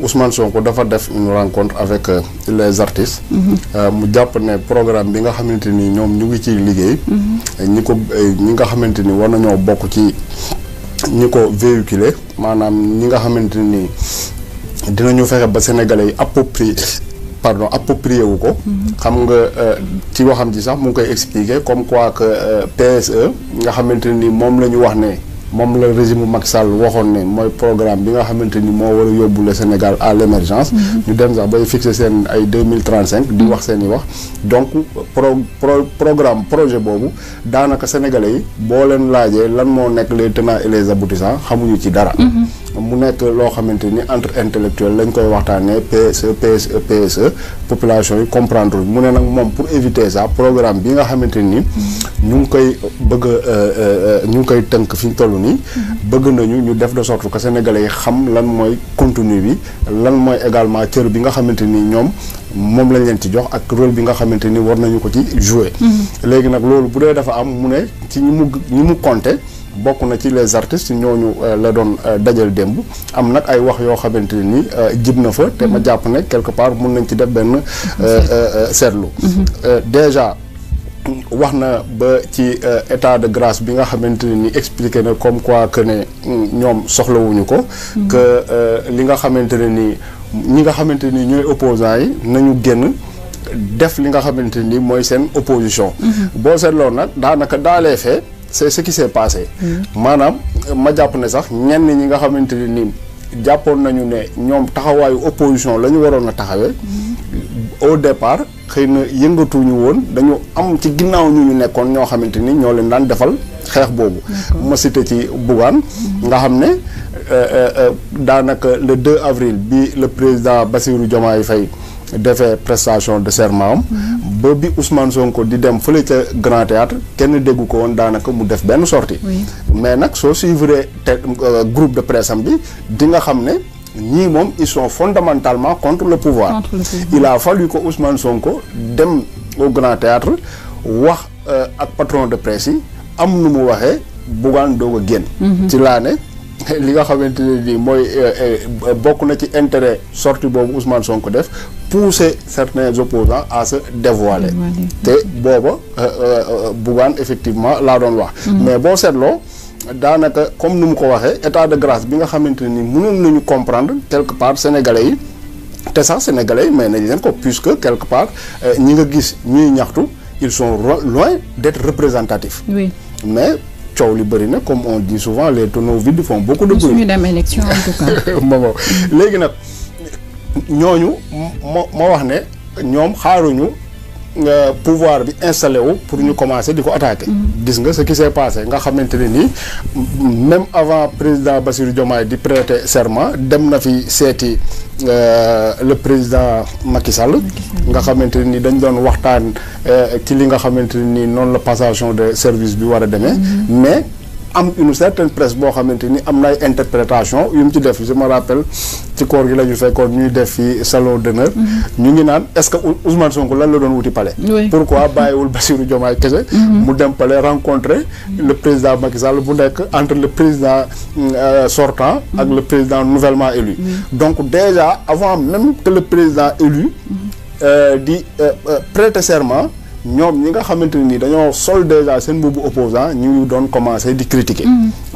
Euh, son ko dafa def une rencontre avec euh, les artistes. Mhm. Euh, mu jàpp ne programme bi nga xamante ni ñoom ñu ngi ciy liggéey. Mhm. ñi ko ñi nga xamante ni war nañoo bokk ci ñi ko véhiculer maanaam ñi nga xamante ni dinañu fexe ba sénégale yi approprié. pardon approprié wu ko. Mhm. xam nga ci waxam ji sax mu ngi koy expliquer comme quoi que PSE nga xamante ni moom lañu wax ne. moom la régime Macky Sall waxoon ne mooy programme bi nga xamante ni moo war a Sénégal à l' mhm. ñu dem sax bay fixé seen ay deux mille trente cinq di wax seen i wax donc pro pro programme projet boobu daanaka sénégalais yi boo leen laajee lan moo nekk les tenants et les aboutissants xamuñu ci dara. Mhm. mu nekk loo xamante ni entre intellectuel lañ koy waxtaanee PSE PSE PSE population yi comprendre bi mu ne nag moom pour éviter ça programme bi nga xamante ni ñu ngi koy bëgg a euh, euh, euh, ñu ngi koy tënk fi ñu toll nii bëgg nañu ñu def de sorte que sénégalais yi xam lan mooy continue bi lan mooy également cër bi nga xamante ni ñoom moom lañ leen ci jox ak rôle bi nga xamante ni war nañu ko ci jouer mm-hmm. léegi nag loolu bu dee dafa am mu ne ci ñi mu ñi mu compter bokk na ci les artistes ñooñu euh, la doon euh, dajal démb am nag ay wax yoo xamante ni euh, jib na fa te ma mhm. jàpp ne quelque part mun nañ ci def benn seetlu mhm. déjà wax na ba ci état de grace bi nga xamante ni expliqué na comme quoi que ne mm, ñoom soxlawuñu ko mhm. que li nga xamante ne ni ñi nga xamante ni ñooy opposants yi nañu génn def li nga xamante ni mooy seen opposition boo seetloo nag daanaka daalee fee c'est ce qui s'est passé. maanaam ma jàpp ne sax ñenn ñi nga xamante ne nii jàppoon nañu ne ñoom taxawaayu opposition la ñu waroon a taxawee. au départ xëy na yëngatuñu woon dañu am ci ginnaaw ñu ñu nekkoon ñoo xamante ni ñoo leen daan defal xeex boobu. ma ci Bougane nga xam ne euh, euh, euh, daanaka le 2 avril bi le président Bassirou Diomaye Faye. Des prestation de serment Bobby Ousmane Sonko di dem feulé Grand Théâtre kenn déggu ko woon danaka mu def ben sortie mais nak so suivre euh, groupe de presse am bi di nga xamné ni mom ils sont fondamentalement contre le pouvoir il a fallu que Ousmane Sonko dem au Grand Théâtre wax euh, ak patron de presse am nu mu waxé Bougane dogo guen mhm. ci laa ne li nga xamante ne nii mooy euh, na ci intérêt sortie bobu Ousmane Sonko def pousser certains opposants à se dévoiler Et bon, euh, euh, euh, Bougane effectivement l'a don wax mm-hmm. mais bon, cette loi, comme nous ko un état de grâce bi nga xamante ni nañu comprendre quelque part sénégalais yi ça, sénégalais mais may nañ ko puisque quelque part ñi nga gis ñuy ñaxtu ils sont loin d'être représentatifs oui mais li comme on dit souvent les tonneaux vides font beaucoup de bruit. suñu dem élection en tout cas. ñooñu moo wax ne ñoom xaaruñu euh, pouvoir bi installé wu pour ñu commencer di ko attaquer. Mm-hmm. gis nga ce qui s'est passé nga xamante ne même avant président Bassirou Diomaye di prêter serment dem na fi seeti euh, le président Macky Sall. nga xamante ne nii dañ doon waxtaan euh, ci li nga xamante ne nii noonu la passation de service bi war a demee mm-hmm. mais am une certaine presse bo xamanteni am na interprétation yum def je me rappelle ci koor gi lañu ñu ñuy def fi salon d'honneur mhm. ñu ngi est-ce que Ousmane Sonko lan la doon wuti palais pourquoi bàyyiwul Bassirou Diomaye kese mhm. mu dem palais rencontrer mhm. le président Macky Sall bu nek entre le président euh, sortant ak le président nouvellement élu donc déjà avant même que le président élu euh, euh, euh, prêter serment ñom ñi nga xamante ni dañoo sol déjà seen bobu opposant ñu doon commencé di critiquer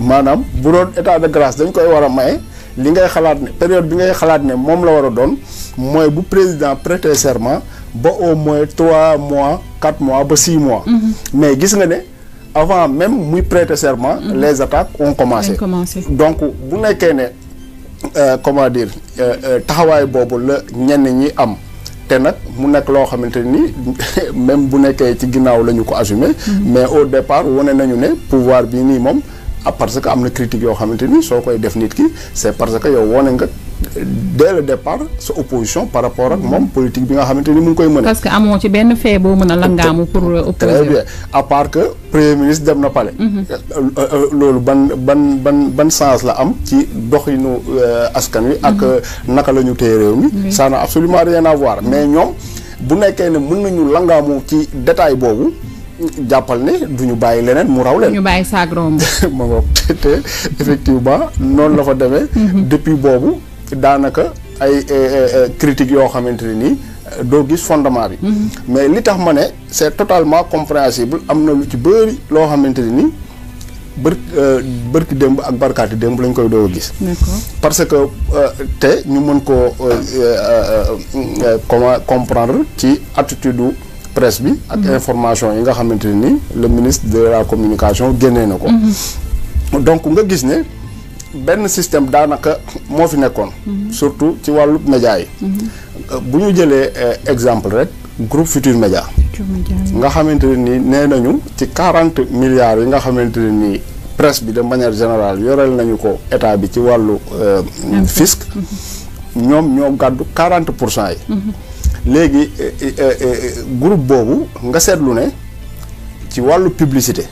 manam mm. bu doon état de grâce dañ koy wara may li ngay xalaat ne période bi ngay xalaat ne moom la war a doon mooy bu président prêter serment ba au moins trois mois quatre mois ba six mois mm-hmm. mais gis nga ne avant même muy prêter serment mm-hmm. les attaques ont commencé donc bu nekkee ne euh, comment dire euh, euh, taxawaay boobu la ñenn ñi am te nag mu nekk loo xamante ni même bu nekkee ci ginnaaw la ñu ko assumé. Mm-hmm. mais au départ wane nañu ne pouvoir bi nii moom. ah parce que am na critique yoo xamante ni soo koy def nit ki c'est parce que yow wone nga. dès le départ sa opposition par rapport ak moom politique bi nga xam ni mu ngi koy mën parce que amoo ci benn fee boo mën a langaamu pour euh, opposer très à part que premier ministre dem na pale mm-hmm. euh, euh, loolu ban ban ban ban sens la am ci doxinu askan wi ak mm-hmm. naka lañu ñu réew mi ça n'a absolument rien mais mm-hmm. ñoom bu nekkee ne mën nañu langaamu ci détail boobu jàppal ne du ñu bàyyi leneen mu raw leen. ñu bàyyi saag romb. ma nga te effectivement noonu la fa demee. daanaka ay eh, eh, eh, critiques yoo xamante ne nii doo gis fondement bi. Mhm. mais li tax ma ne c'est totalement compréhensible am na lu ci bëri loo xamante ne nii bër euh, bërki démb ak barkaati démb lañ koy doog gis. parce que euh, te ñu mën ko euh, comment comprendre ci attitude du presse bi. ak mhm. information yi nga xamante ne nii le ministre de la communication génnee na ko. Mhm. donc nga gis ne. benn système daanaka moo fi nekkoon. Mhm. surtout ci wàllu média yi. Mhm. Euh, bu ñu jëlee euh, exemple rek group Futur Média. nga xamante ni nii nee nañu ci quarante milliards yi nga xamante ne nii presse bi de manière générale yoreel nañu ko état bi ci wàllu euh, fisc. Mhm. ñoom ñoo gàddu quarante pour cent yi. léegi groupe boobu nga seetlu ne ci wàllu publicité.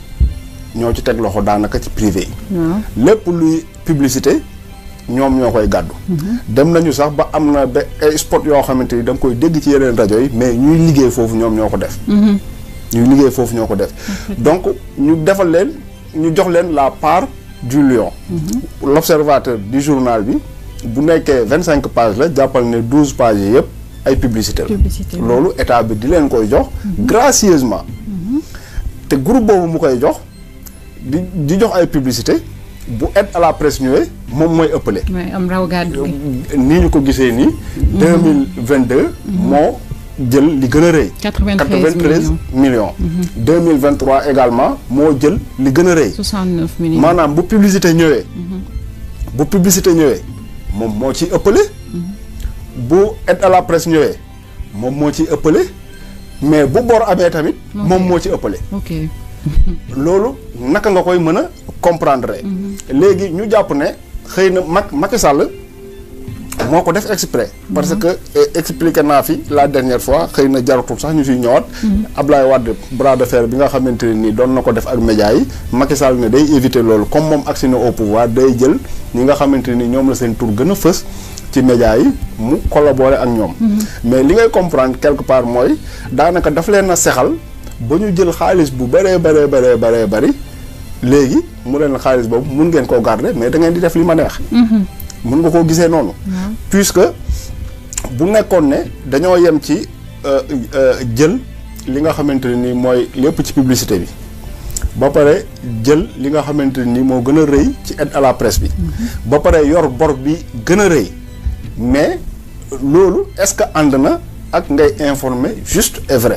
ñoo ci teg loxo daanaka ci privé yi lépp luy publicité ñom ñokoy gaddu dem nañu sax ba amna na sport yo xamanteni yoo koy dégg ci yeneen rajo yi mais ñuy liggéey fofu ñom ñoko def. ñuy liggéey fofu ñoko def. donc ñu défal leen ñu jox leen la part du lion. l'observateur du journal bi bu nekké 25 pages la jàppal né 12 pages yépp ay publicité lolu état bi di leen koy jox. gracieusement. Mhm. té groupe bobu mu koy jox di di jox ay publicité vous êtes à la presse ñëwee mon appelé. ëppale. mooy am raw gàddu gi euh, ñu ko 2022. Mhm. Mhm. mon jël li 93 millions 2023 mhm. également mon jël li 69 millions maintenant vous publicité ñëwee. bu publicité ñëwee mon moo appelé. ëppale. bu êtes à la presse ñëwee mon moo ciy mais bu bor des amis mon moo ci ok Lolo naka nga koy comprendre. que, mhm. ñu ne Macky Sall moko exprès. parce mhm. que eh, expliqué n'a fi la dernière fois xeyna na sax ñu mhm. Wade bras de fer bi nga def Macky Sall ne day comme mom au pouvoir day jël ñi nga Nous ñom la seen tour gëna nous. ci collaborer ak ñom mais li ngay comprendre quelque part moy fait daf leen si ñu jël xaalis bu bëree bëree bëree bëree bëri léegi mu leen xaalis boobu mun ngeen garder mais da ngeen di def li ma neex. Mhm. mun nga koo puisque bu nekkoon ne dañoo yem ci euh, euh, jël li nga ci publicité bi. ba pare jël li nga xamante ni moo à la presse bi. Mhm. ba pare yor bor bi gën a mais loolu est-ce que ànd na ak ngay juste et vrai.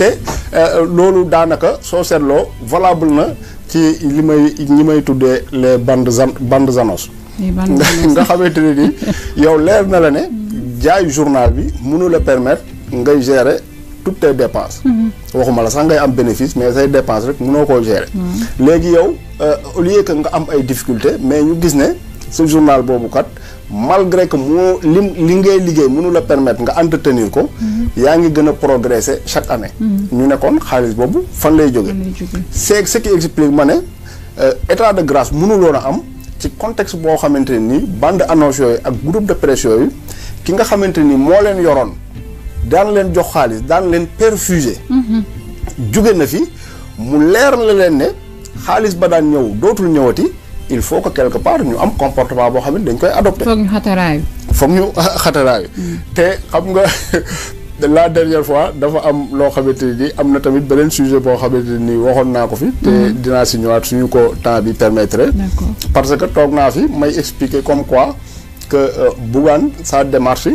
te euh, loolu daanaka soo seetloo valable na ci li may ñi may tuddee le bandes band annonces nga xamante ne ni leer na la ne jaay journal bi mënu la permetre ngay gérer toutes tes dépenses mm-hmm. waxuma la sax ngay am bénéfice mais say dépenses rek mënoo koo gérer mm-hmm. léegi yow euh, au lieu nga am ay difficultés mais ñu gis ne sa journal boobu kat malgré que moo lim li ngay liggéey mënu la permettre nga entretenir ko. Mhm. yaa ngi gën a progresser chaque année. Mhm. ñu nekkoon xaalis boobu fan lay jóge c'est ce qui explique ma ne euh, état de grâce mënuloon a am ci contexte boo xamante ni bande annonce yooyu ak groupe de presse yooyu ki nga xamante ni moo leen yoroon daan leen jox xaalis daan leen perfuser. Mhm. jóge na fi mu leer la leen ne xaalis ba daan ñëw dootul ñëwati. il faut que quelque part ñu am comportement bo xamné dañ koy adopter foog ñu xataraayu. foog ñu xataraayu. Mm. te xam nga la dernière fois dafa am lo xamante ni am na tamit beneen sujet boo xamante ni waxoon naa ko fi. te mm-hmm. dinaa si ñëwaat suñu ko temps bi permettre. parce que tok na fi may expliquer comme quoi que euh, bougan, sa démarche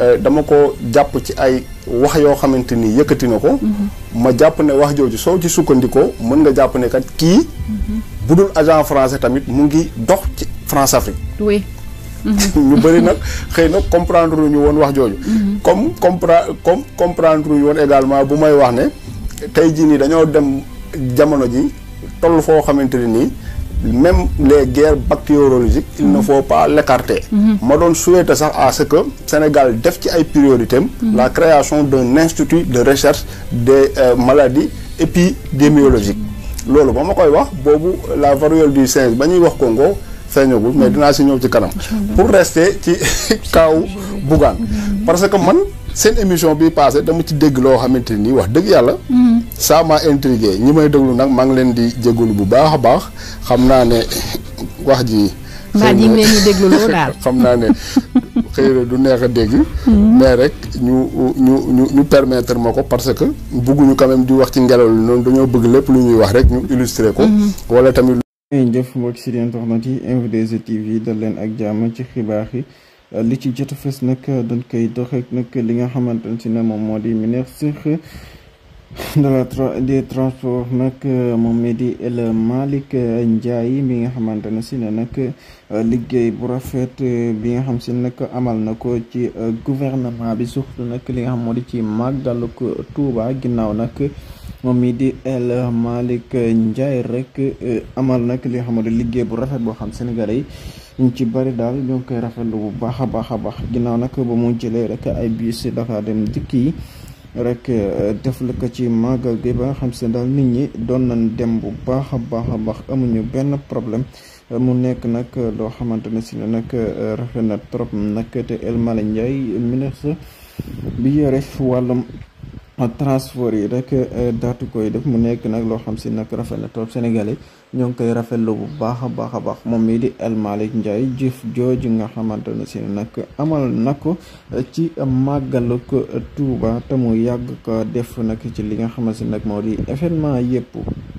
euh, dama ko japp ci ay wax yoo xamante ni yëkkati ko. Mm-hmm. ma japp ne wax jooju so ci sukkandiko mën nga jàpp ne kat ki. Mm-hmm budul agent français tamit mu ngi dox ci France Afrique. oui. ñu bari nak xeyna comprendre ñu won wax jooju. Mhm. comme comprendre comme comprendre ñu won également bu may wax ne tey jii nii dañoo dem jamono ji toll fo xamanteni ni même les guerres bactériologiques il ne mhm. faut pas l'écarter mhm. ma doon souhaiter sax à ce que Sénégal def ci ay priorité la création d'un institut de recherche des euh, maladies épidémiologiques loolu bama koy wax bobu la variole du singe ba wax Congo feeñagul mais dina si ñëw ci kanam pour rester ci kaaw bugan mm-hmm. parce que man sen émission bi passé dama ci dégg lo xamanteni wax dëgg yàlla mm-hmm. ça m'a intrigué ñi may déglu nak ma ngi leen di jégalu bu baax baax xam naa ne wax ji ma di ngi leen di déglu loo daal xam naa ne xëy du neex a dégg. mais rek ñu ñu ñu ñu permettre ma ko parce que bëgguñu quand même di wax ci ngelaw li noonu dañoo bëgg lépp lu ñuy wax rek ñu illustrer ko. Mm-hmm. wala tamit. jëf mbokk si internet yi ci 2S TV dal leen ak jàmm ci xibaar yi li ci jot a fës nag dañ koy doxee nag li nga xamante ne moom moo di si ministre. de la des transports nag eh, moom mii di El Malick eh, Ndiaye mi nga xamante ne si ne nag eh, liggéey bu rafet bi nga xam si ne nag amal na ko ci gouvernement bi surtout nag li nga xam moo di ci màggaluk Touba ginnaaw nag moom mii di El Malick Ndiaye rek amal nag li nga xam ne liggéey bu rafet boo xam Sénégalais yi ñu ci bari daal ñoo ngi koy rafetlu bu baax a baax a baax ginnaaw nag ba mu jëlee rek ay bus Dakar Dem Dikk yi. rek euh, def la ko ci màggal gi ba xam si daal nit ñi doon nañ dem bu baax a baax a baax amuñu benn problème mu nekk nag euh, loo xamante ne si ne nag euh, rafet na trop nag te El Malick Ndiaye ministre bi yore wàllum transport yi rek eh, daatu koy def mu nekk nag loo xam si nag rafet na trop sénégalais ñoo ngi koy rafetlu bu baax a baax a baax moom mii di El Malick Ndiaye jëf jooju nga xamante ne si nag amal nag ko eh, ci màggalug Tuuba te mu yàgg ko def nag ci li nga xamante si nag moo di événement yëpp